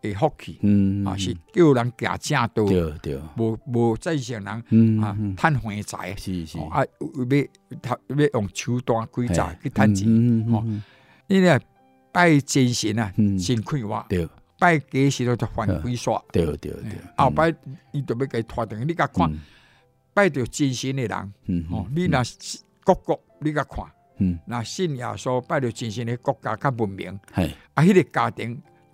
係福氣，啊，是叫人行正道，無無正常人、嗯、啊，趁翻財，啊，要要用手段詭詐去趁錢、嗯嗯，哦，你咧拜真神啊，嗯、先開話，拜假神都就犯鬼煞，對對對，後、嗯啊、拜，你都要佢拖定，你家看、嗯，拜到真神嘅人、嗯，哦，你嗱各國，國，你家看，嗯，嗱信仰所拜到真神嘅國家更文明，嗯，啊，佢、那、哋、個、家庭。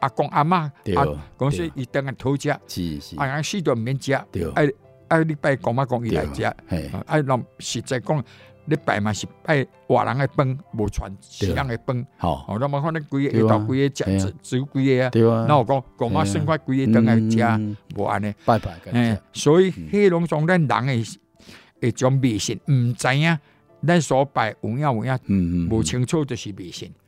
阿公阿嬤阿公講伊等阿討食，阿阿死都毋免食。哎哎，你拜公媽公姨來食，哎，老、哦、實在講，你拜嘛是拜活人的本，無傳死人嘅本。好，哦個個啊個啊啊、我冇看你幾阿下晝幾阿只子子幾阿，那、啊、我講公媽剩翻幾個等來食，無安尼。拜拜、嗯。所以個攏上咱人嘅一、嗯、種迷信，毋知影咱所拜有影無影，無、嗯嗯嗯、清楚就是迷信。嗯嗯嗯嗯。